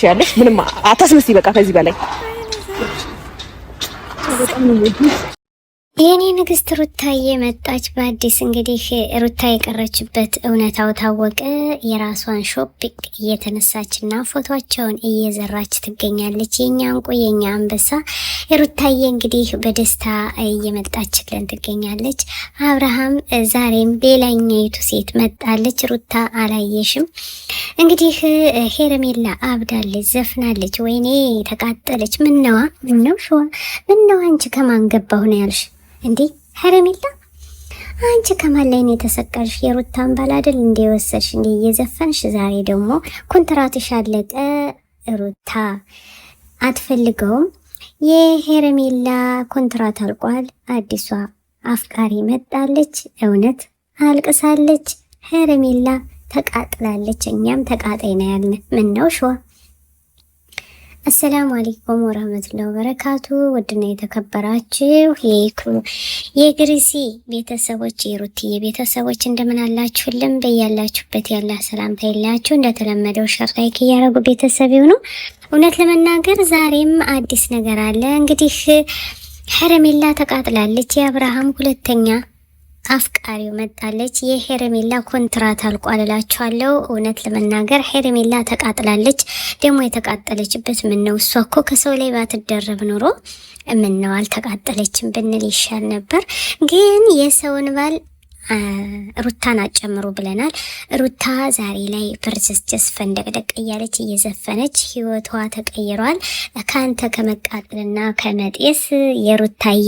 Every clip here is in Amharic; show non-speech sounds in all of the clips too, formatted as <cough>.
ትችያለሽ። ምንም አታስመስ። በቃ ከዚህ በላይ የኔ ንግስት ሩታዬ መጣች በአዲስ እንግዲህ ሩታ የቀረችበት እውነታው ታወቀ። የራሷን ሾፒንግ እየተነሳች እና ፎቶቸውን እየዘራች ትገኛለች። የእኛ እንቁ አንበሳ ሩታዬ እንግዲህ በደስታ እየመጣችልን ትገኛለች። አብርሃም ዛሬም ሌላኛይቱ ሴት መጣለች። ሩታ አላየሽም? እንግዲህ ሄርሜላ አብዳለች፣ ዘፍናለች። ወይኔ ተቃጠለች። ምነዋ ምነው ሸዋ ምነዋ አንቺ ከማን ገባሁ ነው ያልሽ እንዴ ሄርሜላ? አንቺ ከማን ላይ ነው የተሰቀልሽ? የሩታን ባል አይደል እንደ ወሰድሽ እንደ እየዘፈንሽ ዛሬ ደግሞ ኮንትራትሽ አለቀ። ሩታ አትፈልገውም የሄረሜላ ኮንትራት አልቋል። አዲሷ አፍቃሪ መጣለች። እውነት አልቅሳለች። ሄረሜላ ተቃጥላለች። እኛም ተቃጣይ ያልን ምን ነው ሸዋ አሰላሙ አለይኩም ወረህመቱላሂ ወበረካቱ። ውድና የተከበራችሁ የግሪሲ ቤተሰቦች የሩትዬ ቤተሰቦች እንደምን አላችሁልም? በያላችሁበት ያለ ሰላምታ የላችሁ እንደተለመደው ሸር ላይክ እያደረጉ ቤተሰብ ይሁኑ። እውነት ለመናገር ዛሬም አዲስ ነገር አለ። እንግዲህ ሄርሜላ ተቃጥላለች። የአብርሃም ሁለተኛ አፍቃሪው መጣለች። የሄረሜላ ኮንትራት አልቋል እላችኋለሁ። እውነት ለመናገር ሄረሜላ ተቃጥላለች። ደግሞ የተቃጠለችበት ምን ነው? እሷ እኮ ከሰው ላይ ባትደረብ ኑሮ ምን ነው አልተቃጠለችም ብንል ይሻል ነበር። ግን የሰውን ባል ሩታን አጨምሩ ብለናል። ሩታ ዛሬ ላይ ፕርስስ ብርዝስጭስ ፈንደቅደቅ እያለች እየዘፈነች ህይወቷ ተቀይሯል። ከአንተ ከመቃጠልና ከመጤስ የሩታዬ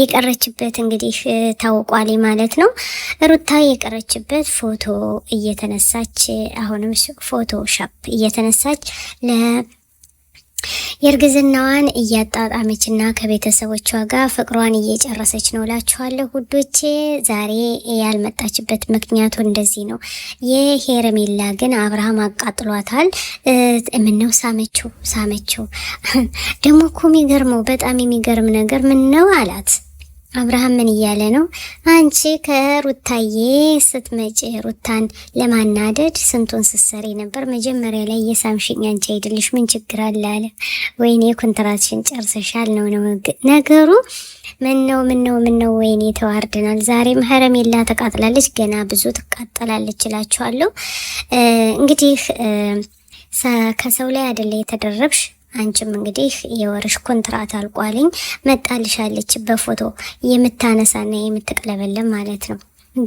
የቀረችበት እንግዲህ ታውቋል ማለት ነው። ሩታ የቀረችበት ፎቶ እየተነሳች አሁንም ፎቶ እየተነሳች ለ የእርግዝናዋን እያጣጣመች እና ከቤተሰቦቿ ጋር ፍቅሯን እየጨረሰች ነው እላችኋለሁ ውዶቼ። ዛሬ ያልመጣችበት ምክንያቱ እንደዚህ ነው። የሄረሜላ ግን አብርሃም አቃጥሏታል። ምነው ሳመችው ሳመችው <laughs> ደግሞ እኮ የሚገርመው በጣም የሚገርም ነገር ምን ነው አላት አብርሃም ምን እያለ ነው? አንቺ ከሩታዬ ስትመጪ ሩታን ለማናደድ ስንቱን ስትሰሪ ነበር። መጀመሪያ ላይ የሳምሽኝ አንቺ አይደልሽ ምን ችግር አለ አለ። ወይኔ ኮንትራትሽን ጨርሰሻል ነው ነው ነገሩ። ምን ነው ምን ነው ምን ነው? ወይኔ ተዋርደናል። ዛሬም ሀረሜላ ተቃጥላለች፣ ገና ብዙ ትቃጠላለች እላችኋለሁ። እንግዲህ ከሰው ላይ አይደለ የተደረብሽ አንቺም እንግዲህ የወርሽ ኮንትራት አልቋልኝ መጣልሻለች በፎቶ የምታነሳና የምትቀለበለም ማለት ነው።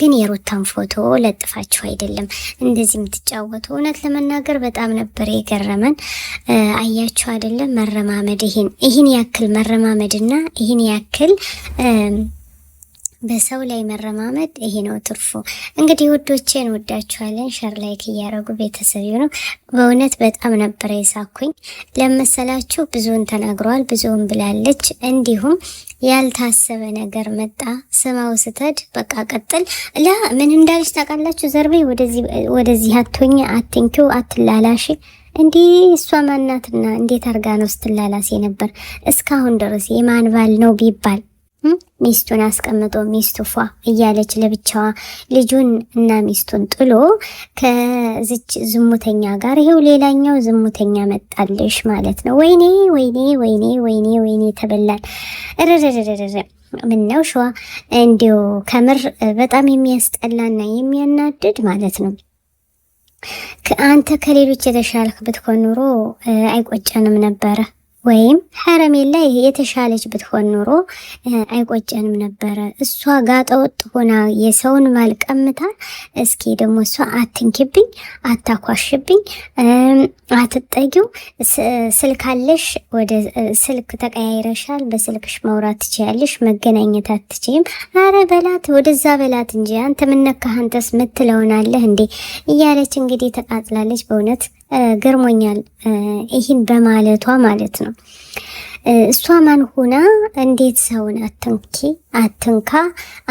ግን የሩታን ፎቶ ለጥፋችሁ አይደለም እንደዚህ የምትጫወቱ። እውነት ለመናገር በጣም ነበር የገረመን። አያችሁ አይደለም መረማመድ ይህን ይህን ያክል መረማመድና ይህን ያክል በሰው ላይ መረማመድ ይሄ ነው ትርፉ። እንግዲህ ውዶቼን እንወዳችኋለን። ሸር ላይክ እያደረጉ ቤተሰብ ነው። በእውነት በጣም ነበረ የሳኩኝ ለመሰላችሁ። ብዙውን ተነግሯል ብዙውን ብላለች። እንዲሁም ያልታሰበ ነገር መጣ። ስማው ስተድ በቃ ቀጥል ላ ምን እንዳለች ታውቃላችሁ? ዘርቤ ወደዚህ አቶኝ አትንኪው አትላላሽ እንዲህ እሷ ማናትና እንዴት አርጋ ነው ስትላላሴ ነበር እስካሁን ድረስ የማን ነው ቢባል ሚስቱን አስቀምጦ ሚስቱ ፏ እያለች ለብቻዋ ልጁን እና ሚስቱን ጥሎ ከዚች ዝሙተኛ ጋር ይሄው ሌላኛው ዝሙተኛ መጣልሽ ማለት ነው። ወይኔ ወይኔ ወይኔ ወይኔ ወይኔ ተበላል። ምን ነው ሸዋ እንዲሁ ከምር በጣም የሚያስጠላና የሚያናድድ ማለት ነው። አንተ ከሌሎች የተሻልክ ብትኮን ኑሮ አይቆጨንም ነበረ። ወይም ሀረሜላ የተሻለች ብትሆን ኖሮ አይቆጨንም ነበረ። እሷ ጋጠወጥ ሆና የሰውን ማልቀምታ እስኪ ደግሞ እሷ አትንኪብኝ፣ አታኳሽብኝ፣ አትጠጊው፣ ስልካለሽ ወደ ስልክ ተቀያይረሻል፣ በስልክሽ መውራት ትችያለሽ፣ መገናኘት አትችይም። አረ በላት፣ ወደዛ በላት እንጂ አንተ ምነካህ? አንተስ ምትለውናለህ እንዴ? እያለች እንግዲህ ተቃጥላለች በእውነት ገርሞኛል፣ ይህን በማለቷ ማለት ነው። እሷ ማን ሆና እንዴት ሰውን አትንኪ አትንካ፣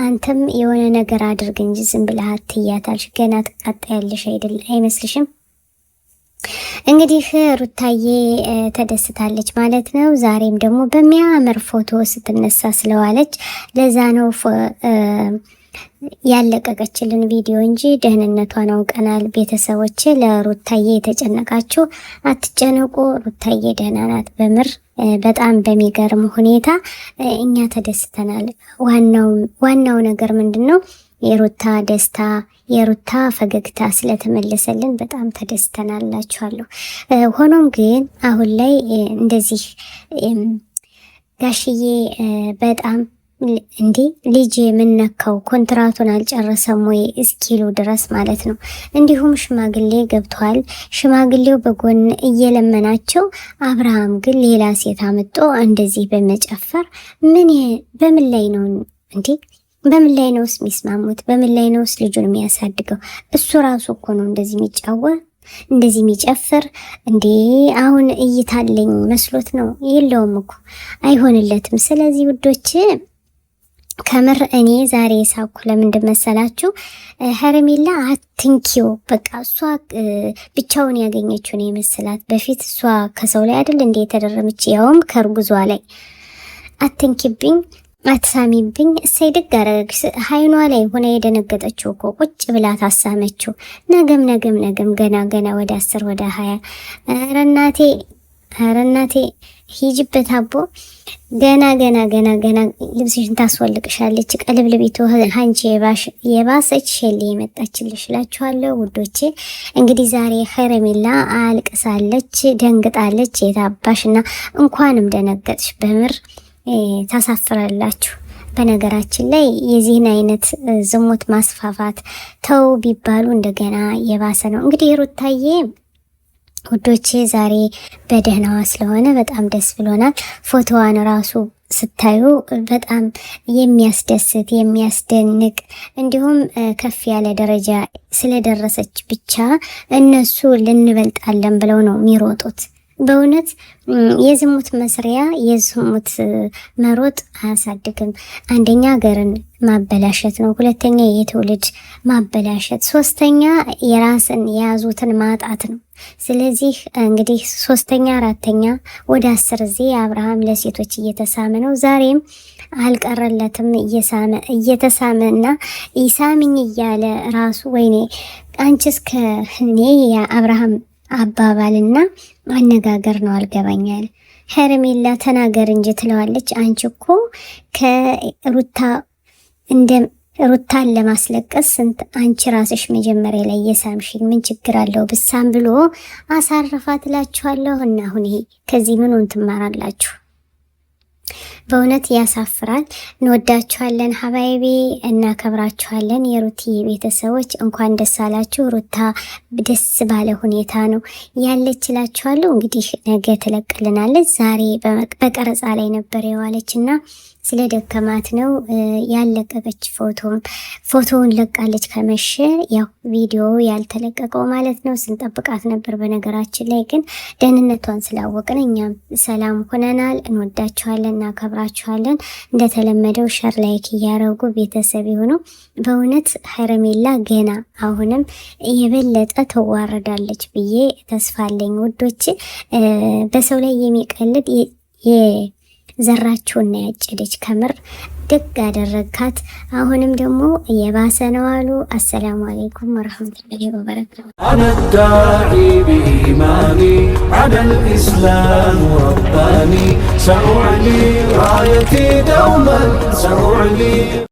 አንተም የሆነ ነገር አድርግ እንጂ ዝም ብለህ አትያታልሽ፣ ገና ትቃጣያለሽ አይደል አይመስልሽም? እንግዲህ ሩታዬ ተደስታለች ማለት ነው። ዛሬም ደግሞ በሚያምር ፎቶ ስትነሳ ስለዋለች ለዛ ነው ያለቀቀችልን ቪዲዮ እንጂ ደህንነቷን አውቀናል። ቤተሰቦች ለሩታዬ የተጨነቃችሁ አትጨነቁ፣ ሩታዬ ደህና ናት። በምር በጣም በሚገርም ሁኔታ እኛ ተደስተናል። ዋናው ነገር ምንድን ነው? የሩታ ደስታ የሩታ ፈገግታ ስለተመለሰልን በጣም ተደስተናል ሆኖም ግን አሁን ላይ እንደዚህ ጋሽዬ በጣም እንዴ ልጅ የምነካው ኮንትራቱን አልጨረሰም ወይ እስኪሉ ድረስ ማለት ነው። እንዲሁም ሽማግሌ ገብተዋል። ሽማግሌው በጎን እየለመናቸው፣ አብርሃም ግን ሌላ ሴት አምጦ እንደዚህ በመጨፈር ምን በምን ላይ ነው እንዴ? በምን ላይ ነውስ የሚስማሙት? በምን ላይ ነውስ ልጁን የሚያሳድገው? እሱ ራሱ እኮ ነው እንደዚህ የሚጫወ እንደዚህ የሚጨፍር እንዴ! አሁን እይታለኝ መስሎት ነው የለውም እኮ አይሆንለትም። ስለዚህ ውዶች ከምር እኔ ዛሬ ሳኩ ለምንድን መሰላችሁ? ሄርሜላ አትንኪው። በቃ እሷ ብቻውን ያገኘችው ነው የመሰላት። በፊት እሷ ከሰው ላይ አይደል እንዴ የተደረመች፣ ያውም ከእርጉዟ ላይ። አትንኪብኝ፣ አትሳሚብኝ። እሰይ ድግ ሀይኗ ላይ ሆነ የደነገጠችው እኮ ቁጭ ብላ ታሳመችው። ነገም ነገም ነገም ገና ገና ወደ አስር ወደ ሀያ ኧረ እናቴ ኧረ እናቴ ሂጅበት አቦ ገና ገና ገና ገና ልብስሽን ታስወልቅሻለች። ቀልብልቢቱ አንቺ የባሰች ሸሌ የመጣችልሽ እላችኋለሁ ውዶቼ። እንግዲህ ዛሬ ኸረሜላ አልቅሳለች፣ ደንግጣለች። የታባሽ እና እንኳንም ደነገጥሽ በምር ታሳፍራላችሁ። በነገራችን ላይ የዚህን አይነት ዝሙት ማስፋፋት ተው ቢባሉ እንደገና የባሰ ነው። እንግዲህ ሩታዬ ውዶቼ ዛሬ በደህናዋ ስለሆነ በጣም ደስ ብሎናል። ፎቶዋን ራሱ ስታዩ በጣም የሚያስደስት የሚያስደንቅ እንዲሁም ከፍ ያለ ደረጃ ስለደረሰች ብቻ እነሱ ልንበልጣለን ብለው ነው የሚሮጡት። በእውነት የዝሙት መስሪያ የዝሙት መሮጥ አያሳድግም። አንደኛ ሀገርን ማበላሸት ነው። ሁለተኛ የትውልድ ማበላሸት፣ ሶስተኛ የራስን የያዙትን ማጣት ነው። ስለዚህ እንግዲህ ሶስተኛ አራተኛ ወደ አስር ጊዜ አብርሃም ለሴቶች እየተሳመ ነው። ዛሬም አልቀረለትም እየሳመ እየተሳመ እና ይሳምኝ እያለ ራሱ ወይኔ አንቺ እስከ የአብርሃም አባባልና አነጋገር ነው አልገባኛል። ሄርሜላ ተናገር እንጂ ትለዋለች። አንቺ እኮ ከሩታ እንደ ሩታን ለማስለቀስ ስንት አንቺ ራስሽ መጀመሪያ ላይ የሳምሽኝ ምን ችግር አለው ብሳም ብሎ አሳርፋ ትላችኋለሁ። እና አሁን ይሄ ከዚህ ምኑን ትማራላችሁ? በእውነት ያሳፍራል። እንወዳችኋለን ሀባይቤ፣ እናከብራችኋለን። የሩቲ ቤተሰቦች እንኳን ደስ አላችሁ። ሩታ ደስ ባለ ሁኔታ ነው ያለች እላችኋለሁ። እንግዲህ ነገ ትለቅልናለች። ዛሬ በቀረጻ ላይ ነበር የዋለች እና ስለ ደከማት ነው ያለቀቀች። ፎቶውን ፎቶውን ለቃለች ከመሸ ያው ቪዲዮ ያልተለቀቀው ማለት ነው። ስንጠብቃት ነበር። በነገራችን ላይ ግን ደህንነቷን ስላወቅን እኛም ሰላም ሆነናል። እንወዳችኋለን እናከብራችኋለን። እንደተለመደው ሸር ላይክ እያረጉ ቤተሰብ የሆነው በእውነት ሀረሜላ ገና አሁንም የበለጠ ትዋረዳለች ብዬ ተስፋለኝ አለኝ ውዶች። በሰው ላይ የሚቀልድ ዘራችሁና ያጨደች ከምር ደግ አደረግካት። አሁንም ደግሞ የባሰ ነው አሉ። አሰላሙ አለይኩም ወረሕመቱላሂ ወበረካቱ። አነዳዒ ኢስላም ረባኒ ራየቲ ደውመን